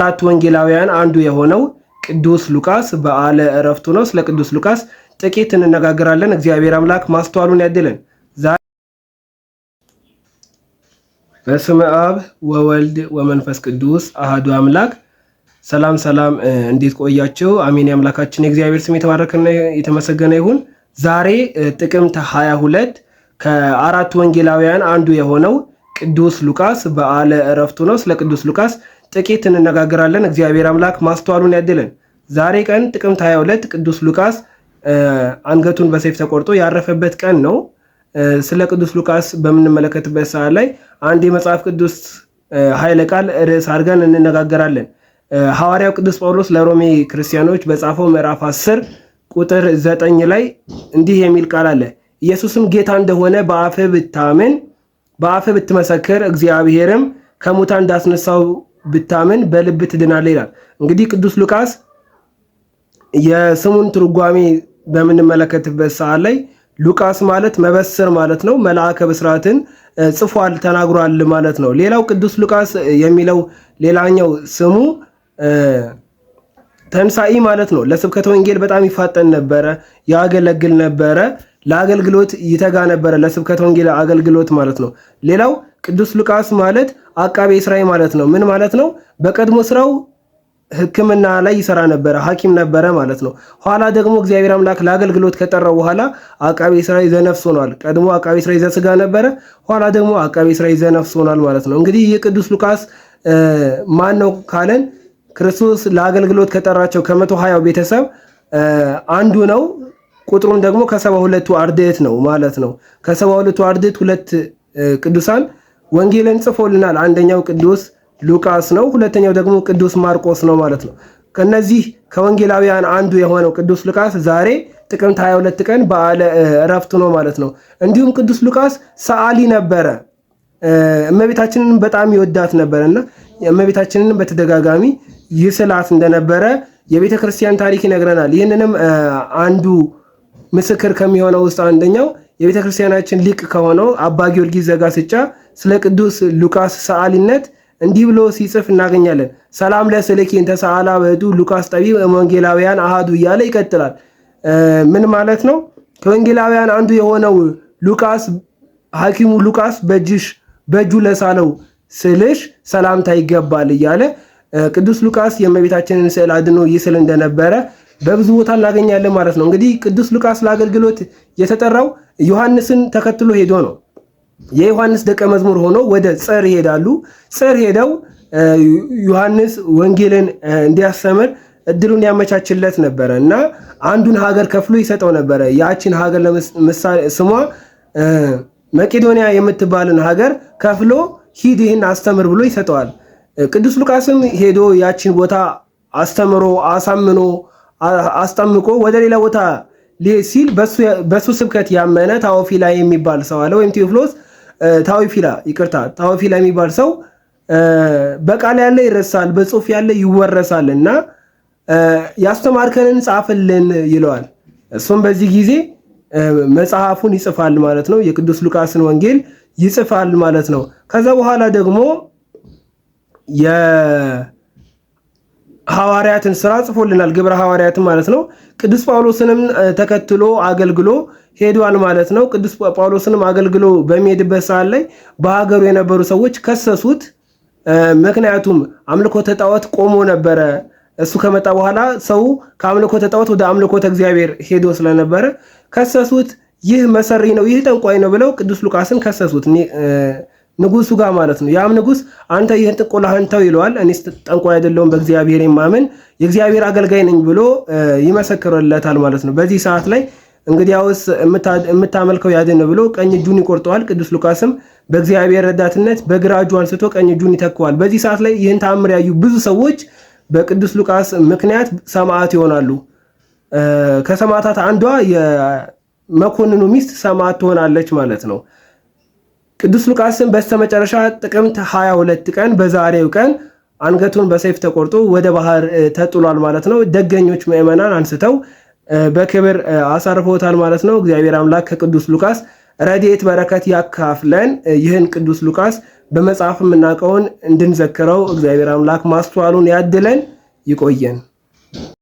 ከአራት ወንጌላውያን አንዱ የሆነው ቅዱስ ሉቃስ በዓለ ዕረፍቱ ነው። ስለ ቅዱስ ሉቃስ ጥቂት እንነጋገራለን። እግዚአብሔር አምላክ ማስተዋሉን ያድለን። በስመ አብ ወወልድ ወመንፈስ ቅዱስ አህዱ አምላክ። ሰላም ሰላም፣ እንዴት ቆያችሁ? አሜን። አምላካችን የእግዚአብሔር ስም የተባረከና የተመሰገነ ይሁን። ዛሬ ጥቅምት 22 ከአራት ወንጌላውያን አንዱ የሆነው ቅዱስ ሉቃስ በዓለ ዕረፍቱ ነው። ስለ ቅዱስ ሉቃስ ጥቂት እንነጋገራለን። እግዚአብሔር አምላክ ማስተዋሉን ያድለን። ዛሬ ቀን ጥቅምት 22 ቅዱስ ሉቃስ አንገቱን በሰይፍ ተቆርጦ ያረፈበት ቀን ነው። ስለ ቅዱስ ሉቃስ በምንመለከትበት ሰዓት ላይ አንድ የመጽሐፍ ቅዱስ ኃይለ ቃል ርዕስ አድርገን እንነጋገራለን። ሐዋርያው ቅዱስ ጳውሎስ ለሮሜ ክርስቲያኖች በጻፈው ምዕራፍ 10 ቁጥር 9 ላይ እንዲህ የሚል ቃል አለ። ኢየሱስም ጌታ እንደሆነ በአፍ ብታምን በአፈ ብትመሰክር እግዚአብሔርም ከሙታን እንዳስነሳው ብታምን በልብ ትድናለህ ይላል። እንግዲህ ቅዱስ ሉቃስ የስሙን ትርጓሜ በምንመለከትበት ሰዓት ላይ ሉቃስ ማለት መበስር ማለት ነው። መልአከ ብስራትን ጽፏል ተናግሯል ማለት ነው። ሌላው ቅዱስ ሉቃስ የሚለው ሌላኛው ስሙ ተንሳኢ ማለት ነው። ለስብከተ ወንጌል በጣም ይፋጠን ነበረ፣ ያገለግል ነበረ፣ ለአገልግሎት ይተጋ ነበረ፣ ለስብከተ ወንጌል አገልግሎት ማለት ነው። ሌላው ቅዱስ ሉቃስ ማለት አቃቤ ስራይ ማለት ነው። ምን ማለት ነው? በቀድሞ ስራው ሕክምና ላይ ይሰራ ነበረ፣ ሐኪም ነበረ ማለት ነው። ኋላ ደግሞ እግዚአብሔር አምላክ ለአገልግሎት ከጠራው በኋላ አቃቤ ስራይ ዘነፍስ ሆኗል። ቀድሞ አቃቤ ስራይ ዘስጋ ነበረ፣ ኋላ ደግሞ አቃቤ ስራይ ዘነፍስ ሆኗል ማለት ነው። እንግዲህ ይህ ቅዱስ ሉቃስ ማን ነው ካለን ክርስቶስ ለአገልግሎት ከጠራቸው ከመቶ ሀያው ቤተሰብ አንዱ ነው። ቁጥሩም ደግሞ ከሰባ ሁለቱ አርድእት ነው ማለት ነው። ከሰባ ሁለቱ አርድእት ሁለት ቅዱሳን ወንጌልን ጽፎልናል። አንደኛው ቅዱስ ሉቃስ ነው፣ ሁለተኛው ደግሞ ቅዱስ ማርቆስ ነው ማለት ነው። ከነዚህ ከወንጌላውያን አንዱ የሆነው ቅዱስ ሉቃስ ዛሬ ጥቅምት 22 ቀን በዓለ እረፍቱ ነው ማለት ነው። እንዲሁም ቅዱስ ሉቃስ ሰዓሊ ነበረ። እመቤታችንን በጣም ይወዳት ነበረና እመቤታችንን በተደጋጋሚ ይስላት እንደነበረ የቤተ ክርስቲያን ታሪክ ይነግረናል። ይህንንም አንዱ ምስክር ከሚሆነው ውስጥ አንደኛው የቤተ ክርስቲያናችን ሊቅ ከሆነው አባ ጊዮርጊስ ዘጋስጫ ስለ ቅዱስ ሉቃስ ሰዓሊነት እንዲህ ብሎ ሲጽፍ እናገኛለን። ሰላም ለስልኪ እንተ ሰዓላ በእቱ ሉቃስ ጠቢብ ወንጌላውያን አሃዱ እያለ ይቀጥላል። ምን ማለት ነው? ከወንጌላውያን አንዱ የሆነው ሉቃስ ሐኪሙ ሉቃስ በእጅሽ በእጁ ለሳለው ስልሽ ሰላምታ ይገባል እያለ ቅዱስ ሉቃስ የእመቤታችንን ስዕል አድኖ ይስል እንደነበረ በብዙ ቦታ እናገኛለን ማለት ነው። እንግዲህ ቅዱስ ሉቃስ ለአገልግሎት የተጠራው ዮሐንስን ተከትሎ ሄዶ ነው። የዮሐንስ ደቀ መዝሙር ሆነው ወደ ጸር ይሄዳሉ። ጸር ሄደው ዮሐንስ ወንጌልን እንዲያስተምር እድሉን ያመቻችለት ነበረ እና አንዱን ሀገር ከፍሎ ይሰጠው ነበረ። ያችን ሀገር ስሟ መቄዶንያ የምትባልን ሀገር ከፍሎ ሂድ ይህን አስተምር ብሎ ይሰጠዋል። ቅዱስ ሉቃስም ሄዶ ያችን ቦታ አስተምሮ አሳምኖ አስጠምቆ ወደ ሌላ ቦታ ሲል በሱ ስብከት ያመነ ታዎፊላ የሚባል ሰው አለ ወይም ቴዎፍሎስ ታዊፊላ ይቅርታ፣ ታዊፊላ የሚባል ሰው በቃል ያለ ይረሳል፣ በጽሁፍ ያለ ይወረሳል እና ያስተማርከንን ጻፍልን ይለዋል። እሱም በዚህ ጊዜ መጽሐፉን ይጽፋል ማለት ነው። የቅዱስ ሉቃስን ወንጌል ይጽፋል ማለት ነው። ከዛ በኋላ ደግሞ ሐዋርያትን ስራ ጽፎልናል። ግብረ ሐዋርያትን ማለት ነው። ቅዱስ ጳውሎስንም ተከትሎ አገልግሎ ሄዷል ማለት ነው። ቅዱስ ጳውሎስንም አገልግሎ በሚሄድበት ሰዓት ላይ በሀገሩ የነበሩ ሰዎች ከሰሱት። ምክንያቱም አምልኮ ጣዖት ቆሞ ነበረ። እሱ ከመጣ በኋላ ሰው ከአምልኮ ጣዖት ወደ አምልኮተ እግዚአብሔር ሄዶ ስለነበረ ከሰሱት። ይህ መሰሪ ነው፣ ይህ ጠንቋይ ነው ብለው ቅዱስ ሉቃስን ከሰሱት። ንጉሱ ጋር ማለት ነው። ያም ንጉስ አንተ ይህን ጥቆላህን ተው ይለዋል። እኔስ ጠንቋይ አይደለሁም በእግዚአብሔር የማምን የእግዚአብሔር አገልጋይ ነኝ ብሎ ይመሰክርለታል ማለት ነው። በዚህ ሰዓት ላይ እንግዲያውስ የምታመልከው ያድን ብሎ ቀኝ እጁን ይቆርጠዋል። ቅዱስ ሉቃስም በእግዚአብሔር ረዳትነት በግራ እጁ አንስቶ ቀኝ እጁን ይተከዋል። በዚህ ሰዓት ላይ ይህን ተአምር ያዩ ብዙ ሰዎች በቅዱስ ሉቃስ ምክንያት ሰማዕት ይሆናሉ። ከሰማዕታት አንዷ የመኮንኑ ሚስት ሰማዕት ትሆናለች ማለት ነው። ቅዱስ ሉቃስን በስተመጨረሻ ጥቅምት 22 ቀን በዛሬው ቀን አንገቱን በሰይፍ ተቆርጦ ወደ ባህር ተጥሏል ማለት ነው። ደገኞች ምዕመናን አንስተው በክብር አሳርፎታል ማለት ነው። እግዚአብሔር አምላክ ከቅዱስ ሉቃስ ረድኤት በረከት ያካፍለን። ይህን ቅዱስ ሉቃስ በመጽሐፍ የምናውቀውን እንድንዘክረው እግዚአብሔር አምላክ ማስተዋሉን ያድለን። ይቆየን።